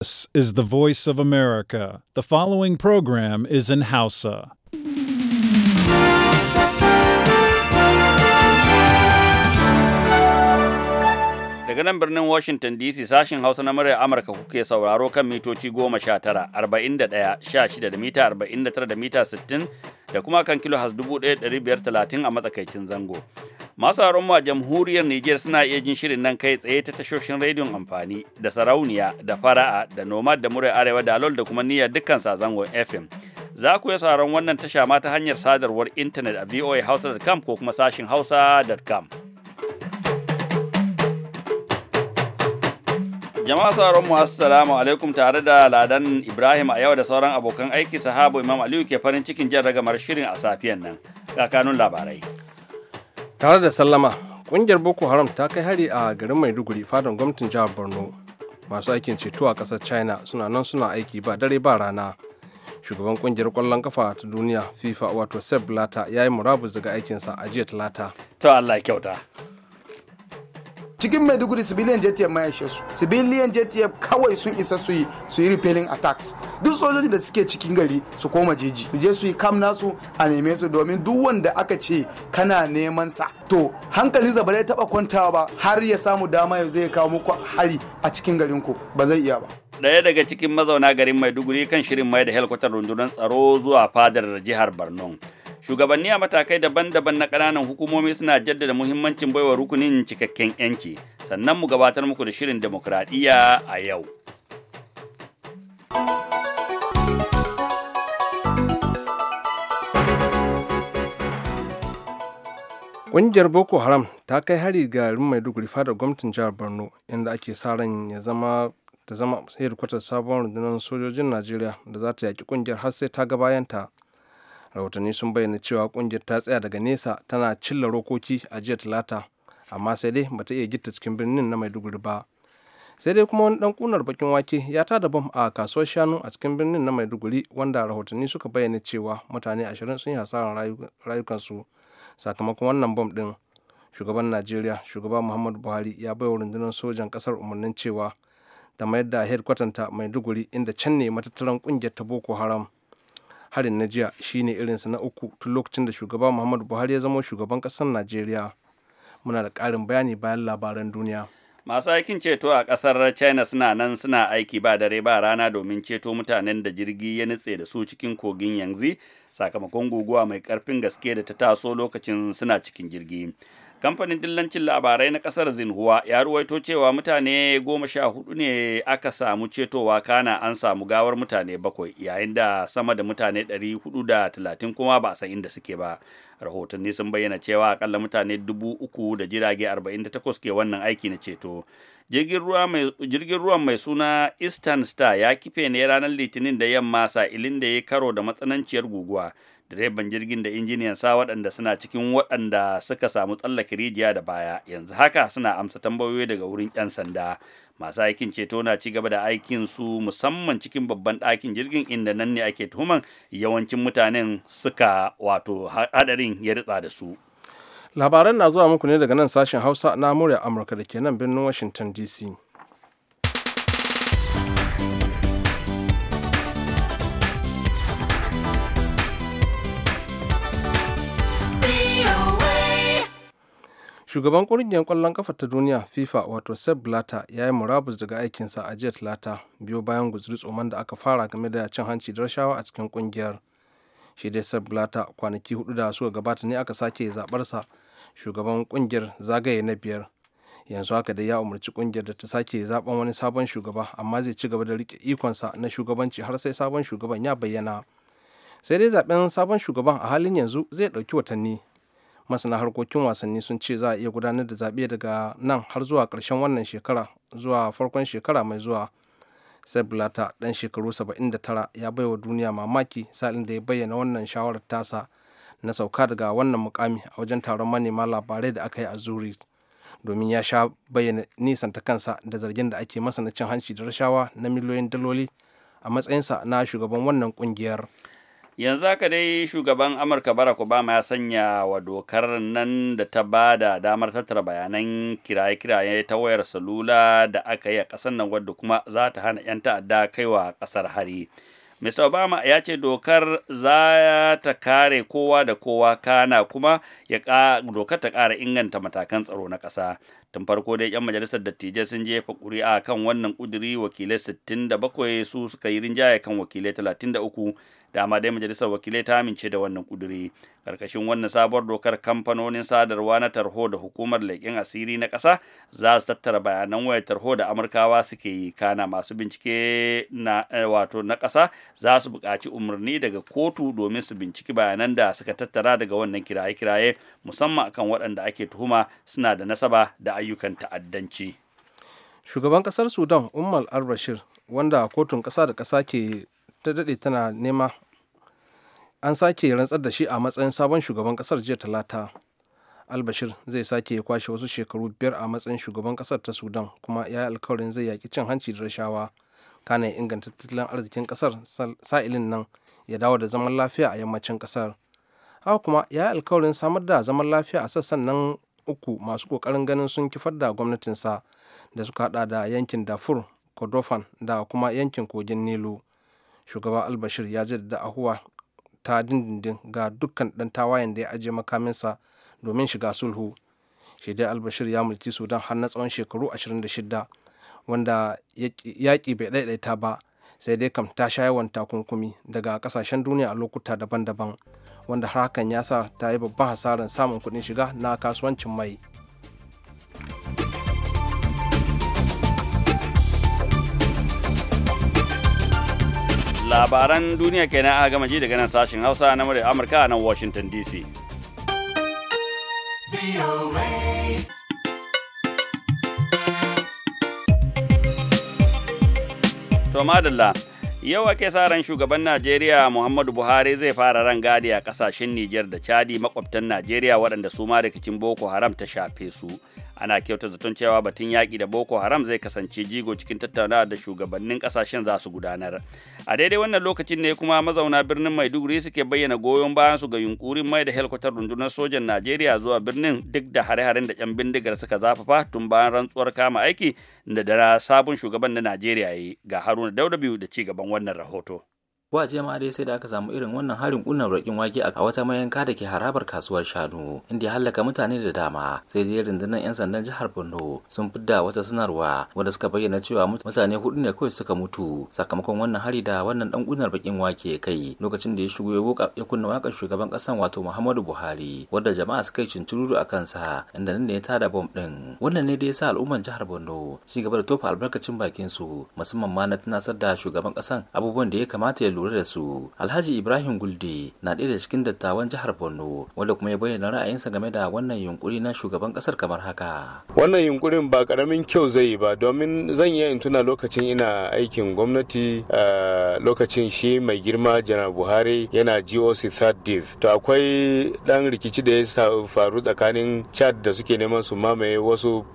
This is the voice of America. The following program is in Hausa. Daga nan birnin Washington DC sashin Hausa na murya Amurka kuke sauraro kan mitoci goma sha tara, arba'in da mita arba'in da mita da kuma kan kilo has a matsakaicin zango. masu mu a jamhuriyar Nijar suna iya jin shirin nan kai tsaye ta tashoshin rediyon amfani da sarauniya da fara'a da nomad da murai arewa da alol da kuma niyyar dukkan sazangon FM. Za ku iya sauran wannan tasha ma ta hanyar sadarwar intanet a voahausa.com ko kuma sashin hausa.com. Jama'a sauran mu assalamu alaikum tare da Ladan Ibrahim a yau da sauran abokan aiki sahabo Imam Aliyu ke farin cikin jan ragamar shirin a safiyan nan. Ga kanun labarai. tare da sallama kungiyar boko haram ta kai hari a garin maiduguri fadan gwamnatin jihar borno masu aikin ceto a ƙasar china suna nan suna aiki ba dare ba rana shugaban kungiyar kwallon kafa ta duniya fifa wato sep lata ya yi murabus daga aikinsa a jiya talata to allah kyauta cikin maiduguri civilian jtf ma ya ishe su civilian jtf kawai sun isa su yi su yi repelling attacks duk sojoji da suke cikin gari su koma jeji su je su yi kam nasu a neme su domin duk wanda aka ce kana neman sa to hankalin ba zai taba kwantawa ba har ya samu dama ya zai kawo muku hari a cikin garin ku ba zai iya ba ɗaya daga cikin mazauna garin Maiduguri kan shirin mai da helikwatar rundunar tsaro zuwa fadar jihar Borno. shugabanni a matakai daban-daban na ƙananan hukumomi suna jaddada muhimmancin baiwa rukunin cikakken yanci sannan mu gabatar muku da shirin demokradiyya a yau Ƙungiyar Boko Haram ta kai hari ga garin Maiduguri fadar gwamnatin jihar Borno inda ake sa ran ya zama da zama sai da sabon rundunar sojojin Najeriya da za ta yaƙi ƙungiyar har sai ta ga bayanta. rahotanni sun bayyana cewa kungiyar ta tsaya daga nesa tana cilla rokoki a jiya talata amma sai dai bata iya gitta cikin birnin na maiduguri ba sai dai kuma wani dan kunar bakin wake ya ta da bam a kasuwar shanu a cikin birnin na maiduguri wanda rahotanni suka bayyana cewa mutane ashirin sun yi hasarar rayukansu sakamakon wannan bom din shugaban najeriya shugaba muhammadu buhari ya bai wa rundunar sojan kasar umarnin cewa ta mayar da headkwatanta maiduguri inda can ne matattaran kungiyar ta boko haram harin na jiya shine irinsa na uku tun lokacin da shugaba muhammadu buhari ya zama shugaban ƙasar najeriya muna da ƙarin bayani bayan labaran duniya masu aikin ceto a ƙasar china suna nan suna aiki ba dare ba rana domin ceto mutanen da jirgi ya nutse da su cikin kogin yanzu sakamakon guguwa mai karfin gaske da ta taso lokacin suna cikin jirgi kamfanin dillancin labarai na kasar zinhuwa ya ruwaito cewa mutane goma sha hudu ne aka samu cetowa kana an samu gawar mutane bakwai yayin da sama da mutane da talatin kuma ba a san inda suke ba rahotanni sun bayyana cewa akalla mutane dubu uku da jirage takwas ke wannan aiki na ceto jirgin ruwan mai suna eastern star ya kife ne ranar litinin da yamma sa'ilin da ya karo da matsananciyar guguwa direban jirgin da injiniyan sa waɗanda suna cikin waɗanda suka samu tsallake rijiya da baya yanzu haka suna amsa tambayoyi daga wurin 'yan sanda masu aikin ceto na ci gaba da aikin su musamman cikin babban ɗakin jirgin inda nan ne ake tuhuman yawancin mutanen suka wato hadarin ya ritsa da su labaran na zuwa muku ne daga nan sashen hausa na murya amurka da ke nan birnin washington dc shugaban ƙungiyar kwallon kafa ta duniya fifa wato sepp blatter ya yi murabus daga aikinsa a jiya talata biyo bayan guzuri tsoman da aka fara game da cin hanci da rashawa a cikin kungiyar shi dai sepp blatter kwanaki hudu da suka gabata ne aka sake zabarsa shugaban kungiyar zagaye na biyar yanzu haka dai ya umarci kungiyar da ta sake zaben wani sabon shugaba amma zai ci gaba da rike ikonsa na shugabanci har sai sabon shugaban ya bayyana sai dai zaben sabon shugaban a halin yanzu zai dauki watanni masana harkokin wasanni sun ce za a iya gudanar da zaɓe daga nan har zuwa ƙarshen wannan shekara zuwa farkon shekara mai zuwa sebulata ɗan shekaru 79 ya baiwa duniya mamaki salin da ya bayyana wannan shawarar tasa na sauka daga wannan mukami a wajen taron manema labarai da aka yi a zurich domin ya sha bayyana nisanta kansa da zargin da ake masa na cin hanci da rashawa na miliyoyin daloli a matsayinsa na shugaban wannan kungiyar. yanzu haka dai shugaban amurka barack obama ya sanya wa dokar nan da ta ba da damar tattara bayanan kiraye-kiraye ta wayar salula da aka yi a ƙasar nan wadda kuma za ta hana 'yan ta'adda kaiwa ƙasar hari mr obama ya ce dokar za ta kare kowa da kowa kana kuma ya dokar ta kara inganta matakan tsaro na ƙasa tun farko dai 'yan majalisar dattijai sun jefa ƙuri'a kan wannan ƙuduri wakilai 67 su suka yi rinjaye kan wakilai 33 dama dai majalisar wakilai ta amince da wannan kuduri karkashin wannan sabuwar dokar kamfanonin sadarwa na tarho da hukumar leƙen asiri na ƙasa za su tattara bayanan wayar tarho da amurkawa suke yi kana masu bincike na eh, wato na ƙasa za su buƙaci umarni daga kotu domin su binciki bayanan da suka tattara daga wannan kiraye-kiraye musamman akan waɗanda ake tuhuma suna da nasaba da ayyukan ta'addanci shugaban ƙasar sudan umar al-bashir wanda kotun ƙasa da ƙasa ke ta daɗe tana nema an sake rantsar da shi a matsayin sabon shugaban kasar jiya talata albashir zai sake ya kwashe wasu shekaru biyar a matsayin shugaban kasar ta sudan kuma ya yi alkawarin zai yaƙi cin hanci da rashawa kana inganta tattalin arzikin ƙasar sa'ilin nan ya dawo da zaman lafiya a yammacin kasar haka kuma ya yi alkawarin samar da zaman lafiya a sassan nan uku masu kokarin ganin sun kifar da gwamnatinsa da suka hada da yankin dafur kordofan da kuma yankin kogin nilu shugaba albashir ya jaddada ahuwa ta dindindin ga dukkan ɗan tawayen da ya ajiye makaminsa domin shiga sulhu shi dai albashir ya mulki sudan har na tsawon shekaru 26 wanda yaƙi bai ɗaiɗaita ba sai dai kam ta sha yawan takunkumi daga ƙasashen duniya a lokuta daban-daban wanda har hakan ya sa ta yi babban hasarar samun kuɗin shiga na kasuwancin mai. labaran duniya kenan a gama ji daga nan sashen hausa na murya amurka a nan washington dc to madalla yau ake sa ran shugaban najeriya muhammadu buhari zai fara ran gadi a kasashen nijar da chadi makwabtan najeriya waɗanda su ma rikicin boko haram ta shafe su ana kyauta zaton cewa batun yaƙi da boko haram zai kasance jigo cikin tattaunawa da shugabannin ƙasashen za su gudanar a daidai wannan lokacin ne kuma mazauna birnin maiduguri suke bayyana goyon bayan su ga yunkurin mai da helkwatar rundunar sojan najeriya zuwa birnin duk da hare-haren da yan bindigar suka zafafa tun bayan rantsuwar kama aiki da dara sabon shugaban na najeriya ya yi ga haruna daudabiu da ci gaban wannan rahoto Wa jama'a dai sai da aka samu irin wannan harin kunnan rakin wake a wata mayanka da ke harabar kasuwar shanu inda ya halaka mutane da dama sai dai rundunar yan sandan jihar Borno sun fidda wata sanarwa wanda suka bayyana cewa mutane hudu ne kawai suka mutu sakamakon wannan hari da wannan dan kunnar bakin wake kai lokacin da ya shigo ya goka ya kunna wakar shugaban kasan wato Muhammadu Buhari wanda jama'a suka yi cintururu a kansa inda nan ne ya tada bom din wannan ne da ya sa al'umman jihar Borno ci gaba da tofa albarkacin bakin su musamman ma na tunasar da shugaban kasan abubuwan da ya kamata ya lura da su alhaji ibrahim gulde na ɗaya da cikin dattawan jihar borno wanda kuma ya bayyana ra'ayinsa game da wannan yunkuri na shugaban ƙasar kamar haka wannan yunkurin ba ƙaramin kyau zai ba domin zan iya in tuna lokacin ina aikin gwamnati lokacin shi mai girma janar buhari yana goc third div to akwai dan rikici da ya faru tsakanin chad da suke neman su mamaye wasu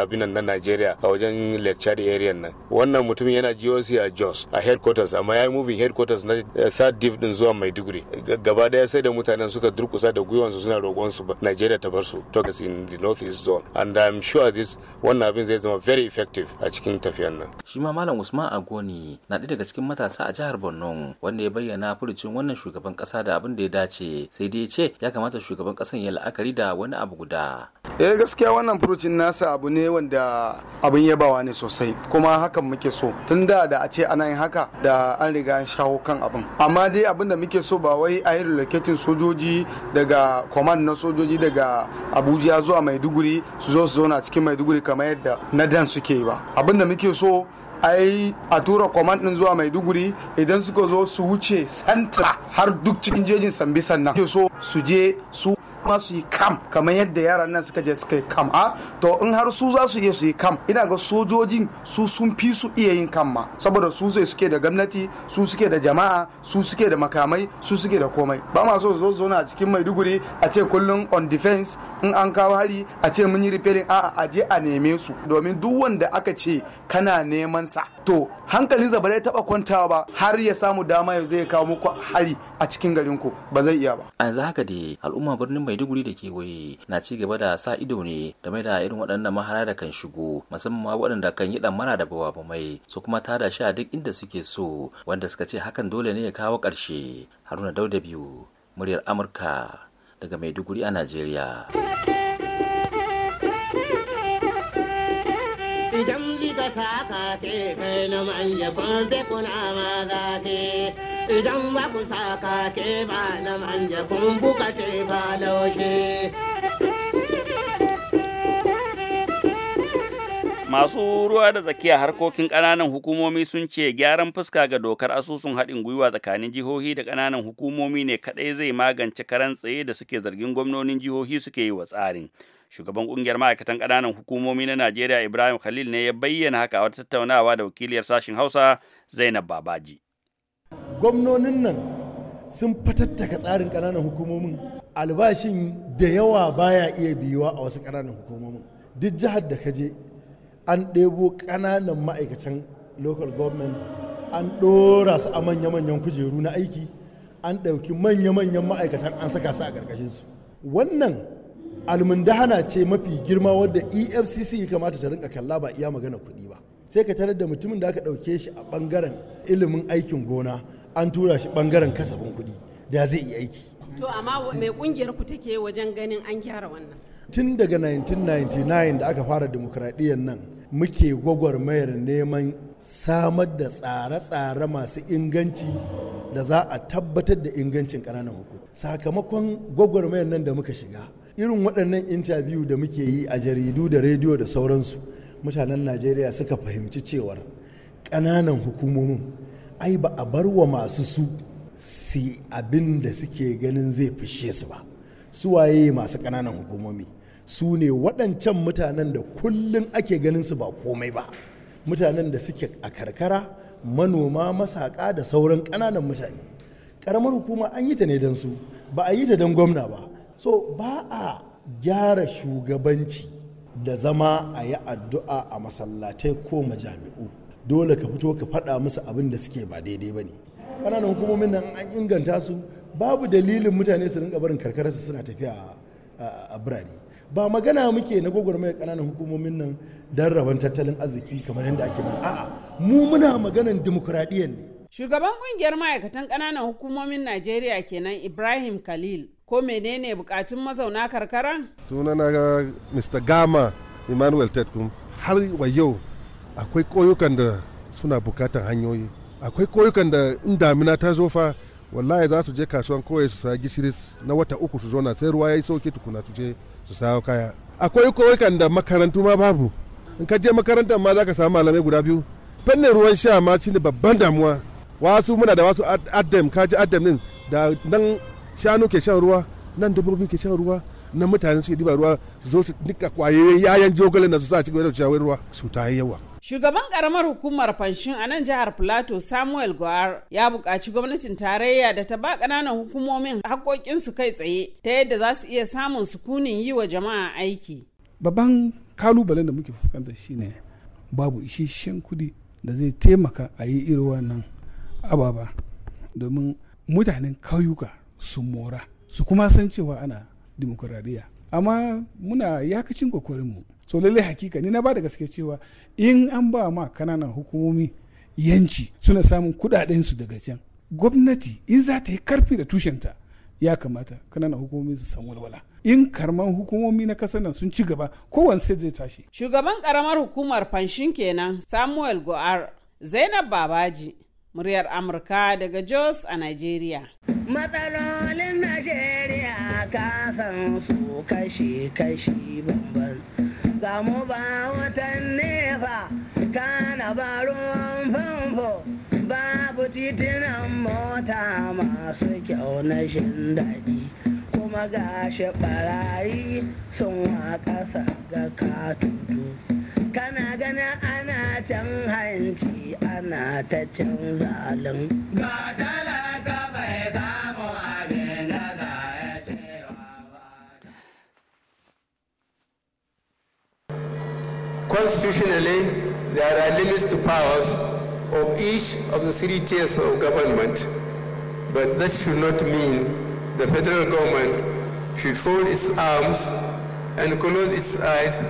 abin na najeriya a wajen lake chad area nan wannan mutum yana goc a jos a headquarters amma ya yi moving headquarters na eh, third div din zuwa maiduguri gaba daya sai da mutanen suka durkusa da gwiwansu suna roƙon su nigeria ta bar su talks in the north east zone and i'm sure this wannan abin zai zama very effective a cikin tafiyar nan shi ma malam usman agoni na ɗaya daga cikin matasa a jihar borno wanda ya bayyana furucin wannan shugaban kasa da abin da ya dace sai dai ya ce ya kamata shugaban kasan ya la'akari da wani abu guda eh gaskiya wannan furucin nasa abu ne wanda abin yabawa ne sosai kuma hakan muke so tun da da a ce ana yin haka da an riga an shawo kan abin amma dai abin da muke so ba wai a yi relocating sojoji daga command na sojoji daga abuja zuwa maiduguri su zo su zauna cikin maiduguri kamar yadda na dan suke ba abin da muke so ai a tura command din zuwa maiduguri idan suka zo su wuce santa har duk cikin jejin sambisan nan so su je su ma su yi kam kamar yadda yaran nan suka je suka yi kam a to in har su za su iya su yi kam ina ga sojojin su sun fi su iya yin kam ma saboda su sai suke da gwamnati su suke da jama'a su suke da makamai su suke da komai ba ma so zo zauna a cikin maiduguri a ce kullum on defense in an kawo hari a ce mun yi repairing a a je a neme su domin duk wanda aka ce kana neman sa to hankalinsa ba zai taba kwantawa ba har ya samu dama ya zai kawo muku hari a cikin garin ku ba zai iya ba a yanzu haka da al'umma birnin maiduguri da kewaye na ci gaba da sa ido ne game da irin waɗannan mahara da kan shigo musamman waɗanda kan yi ɗamara da bawa mai su kuma tada shi a duk inda suke so wanda suka ce hakan dole ne ya kawo ƙarshe haruna dauda biyu muryar amurka daga maiduguri a najeriya idan ji ka kai na manya kwan bekuna ma za idan ba ku saka ke ba na manja kun buka ce ba laushe. Masu ruwa da tsakiya harkokin ƙananan hukumomi sun ce gyaran fuska ga dokar asusun haɗin gwiwa tsakanin jihohi da ƙananan hukumomi ne kaɗai zai magance karan tsaye da suke zargin gwamnonin jihohi suke yi wa tsarin. shugaban ƙungiyar ma'aikatan ƙananan hukumomi na najeriya ibrahim khalil ne ya bayyana haka a wata tattaunawa da wakiliyar sashen hausa zainab babaji gwamnonin nan sun fatattaka tsarin ƙananan hukumomin albashin da yawa baya iya biyuwa a wasu ƙananan hukumomin duk jihar da ka je an ɗebo ƙananan ma'aikatan local government an ɗora su a manya-manyan kujeru na aiki an ɗauki manya-manyan ma'aikatan an saka su a ƙarƙashinsu wannan almundahana ce mafi girma wadda efcc kamata ta rinka kalla ba iya magana kuɗi ba sai ka tarar da mutumin da aka ɗauke shi a ɓangaren ilimin aikin gona an tura shi ɓangaren kasafin kuɗi da zai yi aiki. To amma mai ƙungiyar ku take wajen ganin an gyara wannan? Tun daga 1999 da aka fara dimokuraɗiyyar nan muke gwagwarmayar neman samar da tsare-tsare masu inganci da za a tabbatar da ingancin ƙananan hukumu. Sakamakon gwagwarmayar nan da muka shiga, irin waɗannan intabiyu da muke yi a jaridu da rediyo da sauransu mutanen najeriya suka fahimci cewar ƙananan hukumomin ai ba a bar wa masu su si abin da suke ganin zai fishe su ba su waye masu ƙananan hukumomi su ne waɗancan mutanen da kullum ake ganin su ba komai ba mutanen da suke a karkara manoma masaka da sauran ƙananan mutane ƙaramar hukuma an yi ta ne don su ba a yi ta don gwamna ba so ba a gyara shugabanci da zama a yi addu'a a masallatai ko majami'u dole ka fito ka faɗa musu abin da suke ba daidai ba ne ƙananan hukumomin nan an inganta su babu dalilin mutane su rinka barin karkara su suna tafiya a birane ba magana muke na gwagwarmayar ƙananan hukumomin nan don rabon tattalin arziki kamar yadda ake mana a'a mu muna maganan dimokuraɗiyyar ne shugaban ƙungiyar ma'aikatan ƙananan hukumomin najeriya kenan ibrahim khalil ko menene bukatun mazauna karkara? sunana ga mr gama emmanuel tetkum har wa yau akwai koyukan da suna bukatan hanyoyi akwai koyukan da in damina ta zo fa wallahi za su je kasuwan kawai su sa gisiris na wata uku su zona sai ruwa ya yi sauki tukuna su je su sayo kaya akwai koyukan da makarantu ma babu in ka je makaranta ma za ka samu malamai guda biyu fannin ruwan sha ma shine babban damuwa wasu muna da wasu adam ka ji adam din da nan shanu ke shan ruwa nan dabbobi ke shan ruwa na mutane suke diba ruwa su zo su nika kwaye yayan jogale na su sa cikin wani shawar ruwa su ta yawa Shugaban karamar hukumar fanshin a nan jihar Plateau Samuel Gwar ya buƙaci gwamnatin tarayya da ta ba ƙananan hukumomin haƙoƙinsu kai tsaye ta yadda za su iya samun sukunin yi wa jama'a aiki. Babban kalubalen da muke fuskanta shine babu isasshen kuɗi da zai taimaka a yi irin wannan ababa domin mutanen kauyuka su mora su kuma san cewa ana dimokuraɗiyya amma muna yakacin mu. so lallai hakika ni na ba da gaske cewa in an ba ma kananan hukumomi yanci suna samun kuɗaɗensu daga can gwamnati in za ta yi karfi da tushenta ya kamata kananan hukumomi su san walwala in karman hukumomi na kasar nan sun ci gaba kowane sai zai tashi shugaban karamar hukumar fanshin kenan samuel go'ar zainab babaji muryar Amurka daga Jos a Najeriya. Matsalolin Najeriya kasan su kashi-kashi bambam. Ga mu ba watan nefa, kana ba ruwan famfo, babu titinan mota masu kyau na shin daɗi. Kuma gashi ɓarayi sun wa ƙasa ga katutu. gana ana can hanci ana ta can Constitutionally, there are limits to powers of each of the three tiers of government, but that should not mean the federal government should fold its arms and close its eyes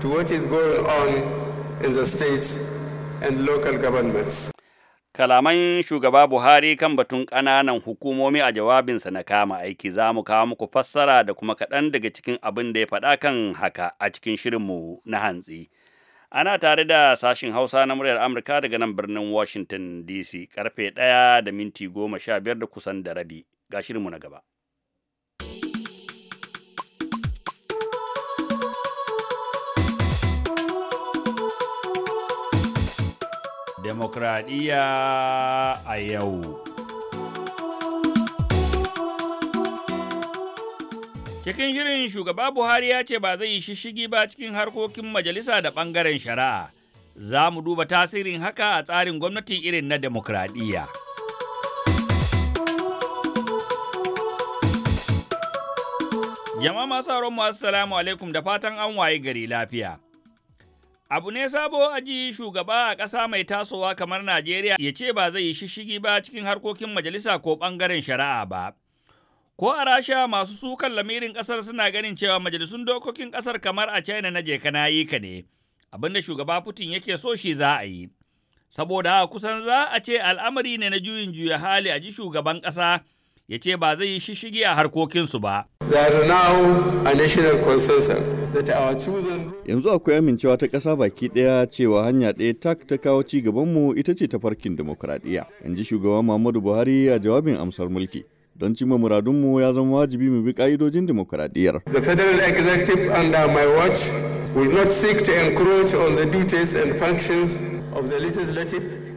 to what is going on in the states and local governments. Kalaman shugaba Buhari kan batun ƙananan hukumomi a jawabinsa na kama aiki za mu kawo muku fassara da kuma kaɗan daga cikin abin da ya faɗa kan haka a cikin shirinmu na hantsi. Ana tare da sashin Hausa na muryar Amurka daga nan birnin Washington DC karfe ɗaya da minti goma sha biyar da kusan da rabi ga shirinmu na gaba. demokradiyya a yau. Cikin shirin shugaba Buhari ya ce ba zai yi shishigi ba cikin harkokin majalisa da ɓangaren shari'a. Za mu duba tasirin haka a tsarin gwamnati irin na demokradiyya. Jama'a masu mu assalamu alaikum da fatan an waye gari lafiya. Abu ne sabo a ji shugaba a ƙasa mai tasowa kamar Najeriya ya ce ba zai yi shishigi ba cikin harkokin majalisa ko ɓangaren shari'a ba. Ko a Rasha masu sukan lamirin ƙasar suna ganin cewa majalisun dokokin ƙasar kamar a China na jeka na yi ka ne, abinda shugaba Putin yake so shi za a yi. Saboda kusan za a ce al'amari ne na juyin juya hali a ji shugaban ƙasa ya ce ba zai yi shishigi a harkokinsu ba. Yanzu akwai amincewa ta ƙasa baki ɗaya cewa hanya ɗaya tak ta kawo ci gabanmu ita ce ta farkin demokuraɗiyya. In ji shugaban Muhammadu Buhari a jawabin amsar mulki. Don cimma muradunmu ya zama wajibi mu bi ƙa'idojin demokuraɗiyyar. The Federal Executive under my watch will not seek to encroach on the duties and functions of the legislative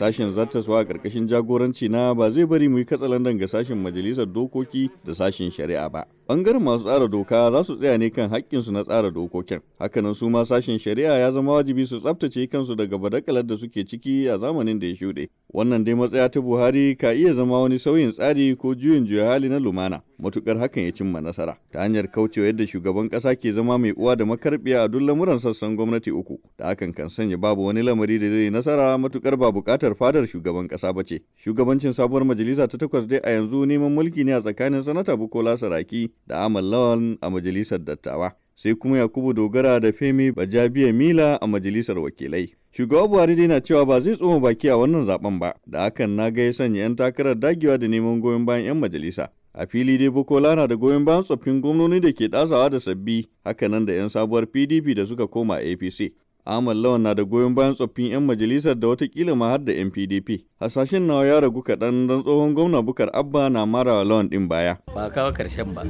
sashen zartaswa a ƙarƙashin jagoranci na ba zai bari mu yi katsalandan ga sashen majalisar dokoki da sashen shari'a ba bangaren masu tsara doka za su tsaya ne kan haƙƙinsu na tsara dokokin hakanan su ma sashen shari'a ya zama wajibi su tsabtace kansu daga badakalar da suke ciki a zamanin da ya shuɗe wannan dai matsaya ta buhari ka iya zama wani sauyin tsari ko juyin juya hali na lumana matukar hakan ya cimma nasara ta hanyar kaucewa yadda shugaban ƙasa ke zama mai uwa da makarbiya a duk lamuran sassan gwamnati uku da hakan kan sanya babu wani lamari da zai nasara matukar ba buƙatar fadar shugaban ƙasa ba ce shugabancin sabuwar majalisa ta takwas dai a yanzu neman mulki ne a tsakanin sanata bukola saraki da Amal Lawan a Majalisar Dattawa, sai kuma Yakubu Dogara da Femi Bajabiya Mila a Majalisar Wakilai. Shugaba Buhari dai na cewa ba zai tsoma baki a wannan zaben ba, da hakan na ga ya sanya 'yan takarar dagewa da neman goyon bayan 'yan majalisa. A fili dai Bukola na da goyon bayan tsoffin gwamnoni da ke ɗasawa da sabbi, hakanan da 'yan sabuwar PDP da suka koma APC. Ahmad Lawan na da goyon bayan tsoffin 'yan majalisar da watakila ma har da NPDP. Hasashen nawa ya ragu kaɗan don tsohon gwamna Bukar Abba na mara Lawan ɗin baya. Ba kawo karshen ba.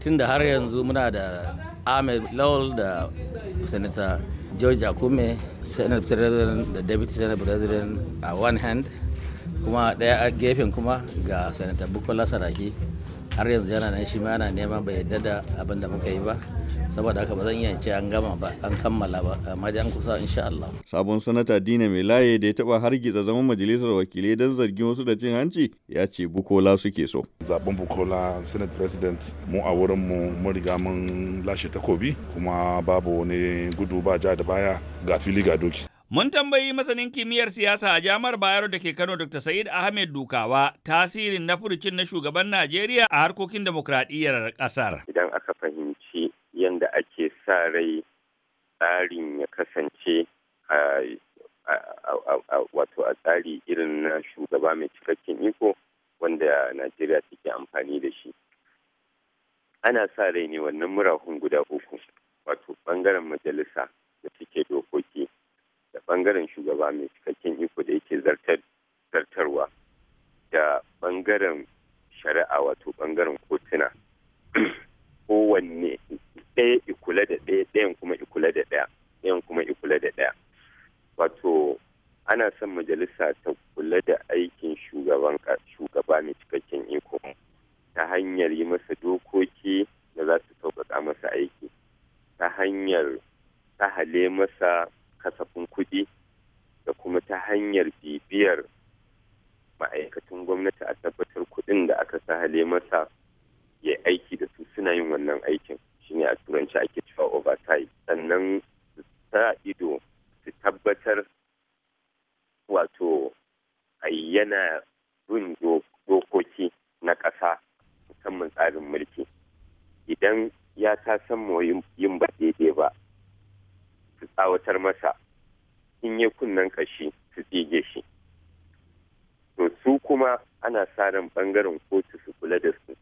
Tunda har yanzu muna da Ahmed Lawal da Senator George Akume, Senate President da Deputy Senate President a one hand, kuma ɗaya a gefen kuma ga Senator Bukola Saraki har yanzu yana nan shi ma yana neman bai yadda da abin da muka yi ba. saboda haka ba zan iya ce an gama ba an kammala ba amma dai an kusa insha Allah sabon sanata Dina mai Melaye da ya taba hargitsa zaman majalisar wakilai dan zargin wasu da cin hanci ya ce Bukola suke so zaben Bukola Senate President mu a wurin mu mun riga mun lashe takobi kuma babu wani gudu ba ja da baya ga fili ga doki Mun tambayi masanin kimiyyar siyasa a jamar Bayero da ke Kano Dr. Said Ahmed Dukawa tasirin na furucin na shugaban Najeriya a harkokin demokradiyyar kasar. Idan aka fahimci yadda ake sa rai tsarin ya kasance wato a tsari irin na shugaba mai cikakken iko wanda najeriya take amfani da shi ana sa rai ne wannan murahun guda uku wato bangaren majalisa da suke dokoki da bangaren shugaba mai cikakken iko da yake zartarwa da bangaren shari'a wato bangaren kotuna kowanne ɗaya ikula da ɗaya ɗayan kuma ikula da ɗaya ɗayan kuma ikula da ɗaya wato ana son majalisa ta kula da aikin shugaban shugaba mai cikakken iko ta hanyar yi masa dokoki da za su sauƙaƙa masa aiki ta hanyar tahale masa kasafin kuɗi da kuma ta hanyar bibiyar ma'aikatan gwamnati a tabbatar kuɗin da aka sahale masa ya aiki da su suna yin wannan aikin shine a turanci ake cewa overtime sannan su sa ido su tabbatar wato yana bin dokoki na ƙasa musamman tsarin mulki idan ya ta san yin ba daidai ba su tsawatar masa in yi kunnen kashi su tsige shi to su kuma ana sa ran bangaren kotu su kula da su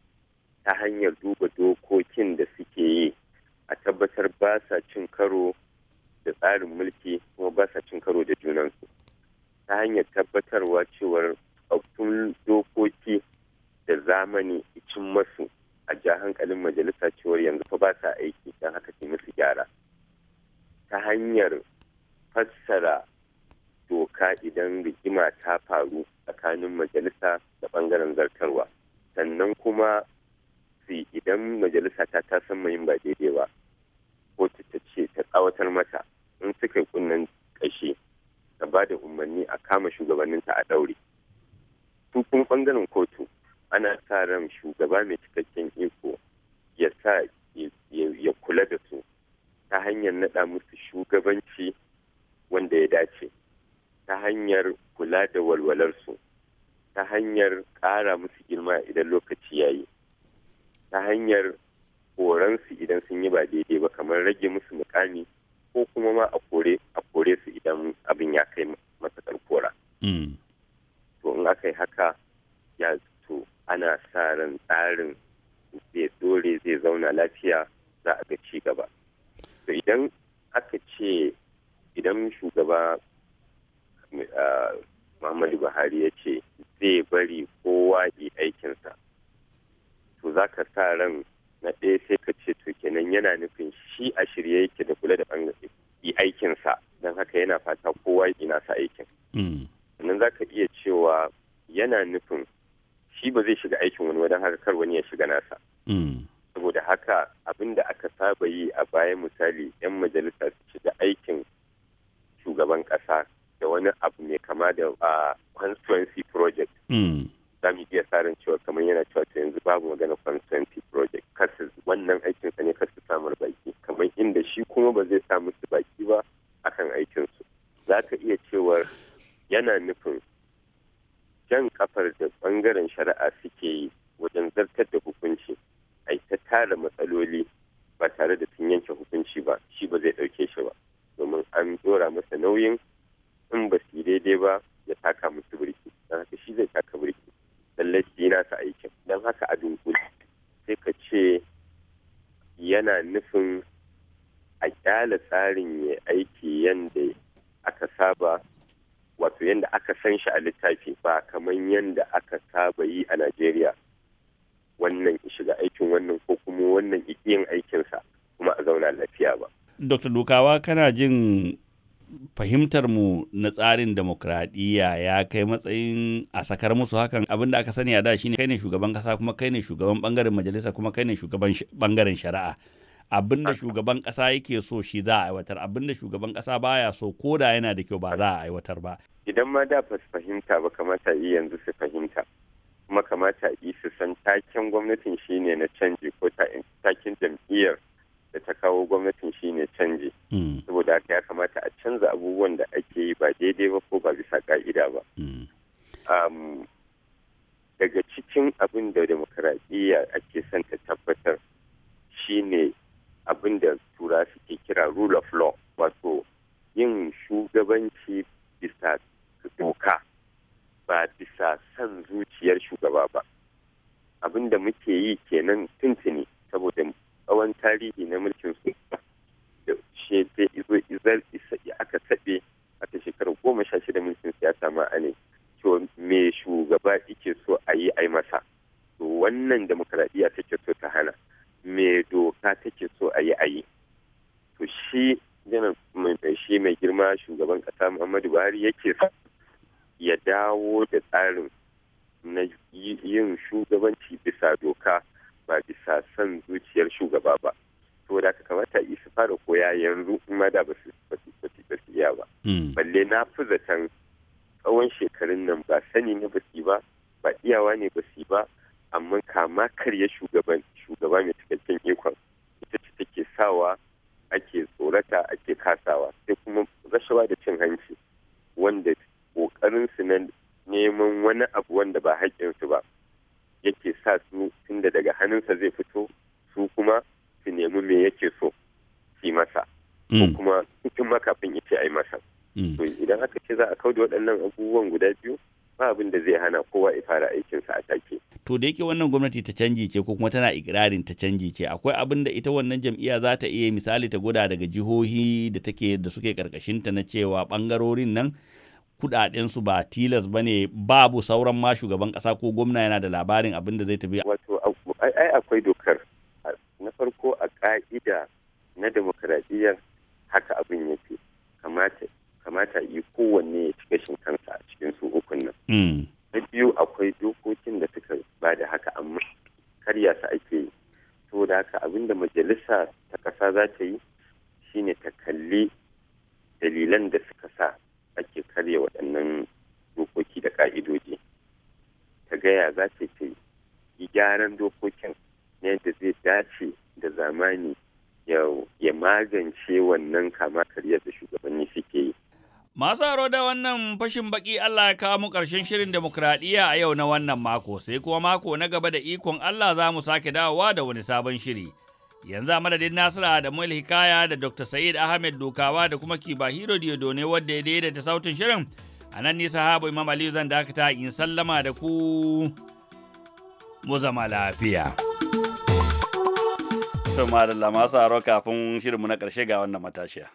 ta hanyar duba dokokin da suke yi a tabbatar ba sa cin karo da tsarin mulki kuma ba sa cin karo da junansu ta hanyar tabbatarwa cewar tsaffin dokoki da zamani cin masu a ja hankalin majalisa cewar yanzu fa ba sa aiki don haka sai musu gyara ta hanyar fassara doka idan rigima ta faru tsakanin majalisa da bangaren zartarwa sannan kuma ce idan majalisa ta ta san mayin ba daidai ba ko ta ce ta tsawatar mata in suka yi kunnen ƙashi ta ba da umarni a kama shugabanninta a daure. tukun bangaren kotu ana sa ran shugaba mai cikakken iko ya sa ya kula da su ta hanyar naɗa musu shugabanci wanda ya dace ta hanyar kula da walwalarsu ta hanyar ƙara musu girma idan lokaci ya yi ta hanyar koransu idan sun yi ba daidai ba kamar rage musu mukami ko kuma ma a kore a kore su idan abin ya kai matakar kora. Hmm. To in aka yi haka ya to ana sa ran tsarin zai dore zai zauna lafiya za a ga ci gaba. To idan aka ce idan shugaba ah, Muhammadu Buhari ya ce zai bari kowa yi aikinsa. za ka sa ran na ɗaya sai ka ce to kenan yana nufin shi a shirye yake da kula da bangare, yi sa don haka yana fata kowa yana sa aikin. Mm. Sannan za ka iya cewa yana nufin shi ba zai shiga aikin wani wadon haka kar wani ya shiga nasa. Mm. Saboda haka abin da aka saba yi a bayan misali 'yan majalisa su shiga aikin shugaban ƙasa da wani abu mai kama da ah, constituency project. Mm. za mu iya tsarin cewa kamar yana cewa ta yanzu babu magana consenti project kasu wannan aikin sa ne kasu samar baki kamar inda shi kuma ba zai sa musu baki ba akan aikin su za ka iya cewa yana nufin jan kafar da bangaren shari'a suke yi wajen zartar da hukunci a ta tara matsaloli ba tare da sun yanke hukunci ba shi ba zai dauke shi ba domin an dora masa nauyin in ba su daidai ba ya taka musu birki nufin a kyala tsarin ya aiki yadda aka saba wato yadda aka san shi a littafi ba kamar yadda aka saba yi a najeriya wannan shiga aikin wannan ko kuma wannan yin aikinsa kuma a zauna lafiya ba dr dukawa kana jin fahimtar mu na tsarin demokradiyya ya kai matsayin a sakar musu hakan abin da aka sani a da shine kai ne shugaban kasa kuma kai ne shugaban bangaren majalisa kuma kai ne shugaban bangaren shari'a abin da shugaban kasa yake so shi za a aiwatar abin da shugaban kasa baya so ko da yana da kyau ba za a aiwatar ba idan ma da ba fahimta ba kamata yi yanzu su fahimta kuma kamata yi su san takin gwamnatin shine na canji ko takin jam'iyyar da ta kawo gwamnatin shine canji hmm. saboda haka ya kamata a canza abubuwan da ake yi ba daidai ba ko ba bisa ka'ida ba hmm. daga cikin abin da demokaradiyya ake son ta tabbatar shine abin da tura suke kira rule of law wato yin shugabanci bisa doka ba bisa son zuciyar shugaba ba abin da muke yi kenan tuntuni saboda tsawon tarihi na mulkin su da she ta izo izar aka taɓe ta shekaru goma sha shida mulkin siyasa ma a ne to me shugaba yake so a yi a masa to wannan demokradiyya take so ta hana me doka take so a yi a yi to shi janar shi mai girma shugaban kasa muhammadu buhari yake ya dawo da tsarin na yin shugabanci bisa doka ba bisa son zuciyar shugaba ba To da ka kamata isa fara koya yanzu kuma da ba su iya ba hmm. balle na fi zaton tsawon shekarun nan ba sani na basi ba ba iyawa ne basi ba amma kama karya shugaban shugaba mai cikakken ikon ita ce take sawa ake tsorata ake kasawa sai kuma rashawa da cin hanci wanda su na neman wani abu wanda ba su ba yake sa su tunda daga hannunsa zai fito su kuma su nemi me yake so su masa ko mm. kuma cikin makafin ya ce ai masa mm. to idan aka ce za a kauda waɗannan abubuwan guda biyu ba abin da zai hana kowa ya fara aikinsa a take to da yake wannan gwamnati ta canji ce ko kuma tana ikirarin ta canji ce akwai abin da ita wannan jam'iyya za ta iya misali ta guda daga jihohi da take da suke karkashin ta na cewa bangarorin nan su ba tilas ba ne babu sauran ma shugaban kasa ko gwamna yana da labarin abin da zai tafi wato ai akwai dokar na farko a ka'ida na demokradiyyar haka abin yake kamata kamata yi kowanne ya ci shinkansa a cikin su ukun nan mm. za ta yi shine ta kalli dalilan da suka sa ake karya waɗannan dokoki da ƙa'idoji ta gaya za ta ta yi gyaran dokokin na yadda zai dace da zamani ya magance wannan kama karyar da shugabanni suke yi Masu haro da wannan fashin baki Allah ya kawo mu ƙarshen shirin demokradiyya a yau na wannan mako, sai kuma mako na gaba da ikon Allah za mu sake dawowa da wani sabon shiri. yanzu a madadin Nasira da Mul Hikaya da Dr. Sa'id Ahmed Dokawa da kuma Kiba Hiro Diodone wadda ya daidaita sautin shirin. A nan nisa habu Imam Aliyu zan dakata in sallama da ku mu zama lafiya. Sau da lamasa kafin shirinmu na ƙarshe ga wannan matashiya.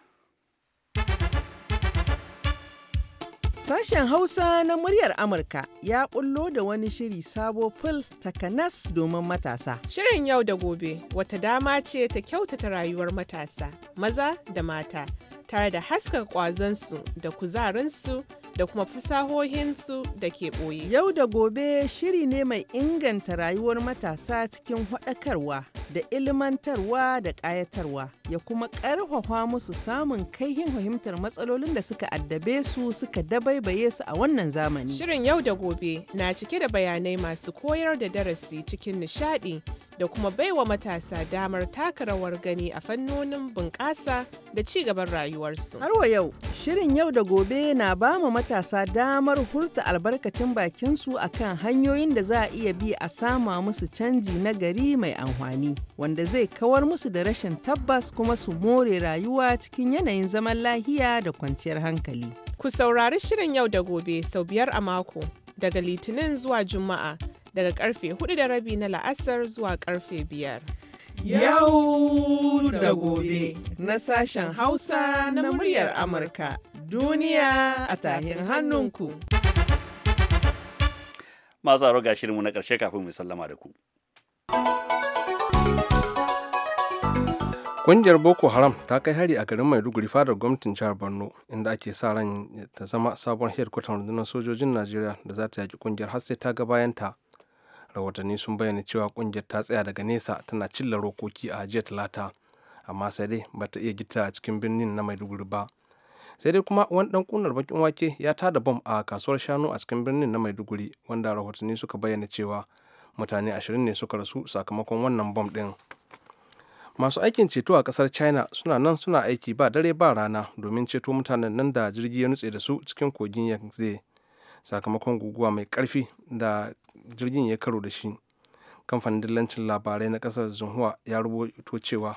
Sashen Hausa na muryar Amurka ya ƙullo da wani shiri sabo fil takanas domin matasa. Shirin yau da gobe wata dama ce ta kyautata rayuwar matasa, maza da mata, tare da haska kwazansu da kuzarinsu da kuma fasahohinsu da ke ɓoye. Yau da gobe shiri ne mai inganta rayuwar matasa cikin haɗakarwa da ilmantarwa da ƙayatarwa ya kuma ƙarfafa musu samun kaihin fahimtar matsalolin da suka addabe su suka dabaibaye su a wannan zamani. Shirin yau da gobe na cike da bayanai masu koyar da darasi cikin nishaɗi da kuma baiwa matasa damar taka rawar gani a fannonin bunƙasa da ci gaban rayuwarsu. Har wa yau, shirin yau da gobe na ba mu matasa damar hurta albarkacin bakinsu a kan hanyoyin da za a iya bi a sama musu canji na gari mai amfani, wanda zai kawar musu da rashin tabbas kuma su more rayuwa cikin yanayin zaman lahiya da kwanciyar hankali. Ku saurari shirin yau da gobe sau biyar a mako, daga Litinin zuwa Juma'a. daga karfe 4 da rabi na la'asar zuwa karfe 5. Yau da gobe na sashen Hausa na muryar Amurka duniya a tahin hannunku. Masu aro ga shirinmu na ƙarshe kafin mu sallama da ku. Ƙungiyar Boko Haram ta kai hari a garin Maiduguri fadar gwamnatin jihar Borno inda ake sa ran ta zama sabon hedkwatar rundunar sojojin Najeriya da za ta yaki ƙungiyar har sai ta ga bayanta. rahotanni sun bayyana cewa kungiyar ta tsaya daga nesa tana cilla rokoki a jiya talata amma sai dai ba ta iya gita a cikin birnin na maiduguri ba sai dai kuma wani dan kunar bakin wake ya tada bom a kasuwar shanu a cikin birnin na maiduguri wanda rahotanni suka bayyana cewa mutane ashirin ne suka rasu sakamakon wannan bom din masu aikin ceto a kasar china suna nan suna aiki ba dare ba rana domin ceto mutanen nan da jirgi ya nutse da su cikin kogin yangtze sakamakon guguwa mai karfi da jirgin ya karo da shi kamfanin dillancin labarai na kasar zunhua ya rubuto cewa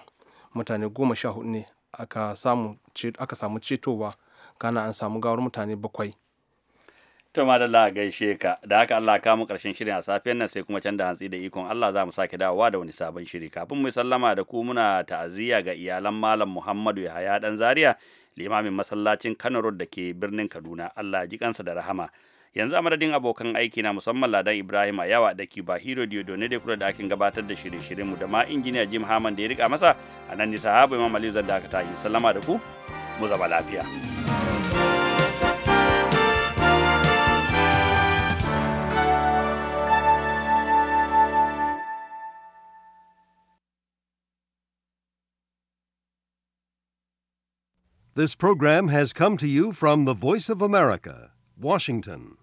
mutane goma sha hudu ne aka samu cetowa kana an samu gawar mutane bakwai to ma dalla gaishe ka da haka Allah ka mu karshen shirin a safiyar nan sai kuma can da hantsi da ikon Allah za mu sake dawowa da wani sabon shiri kafin mu sallama da ku muna ta'aziyya ga iyalan malam Muhammadu Yahaya dan Zaria limamin masallacin Kano Road da ke birnin Kaduna Allah ji kansa da rahama yanzu a madadin abokan aiki na musamman ladan ibrahim a yawa da ba hero diodone da kura da akin gabatar da shirye-shiryen mu da ma injiniya jim haman da ya rika masa a nan nisa habu imam ali zan da aka tashi sallama da ku mu zama lafiya. This program has come to you from the Voice of America. Washington.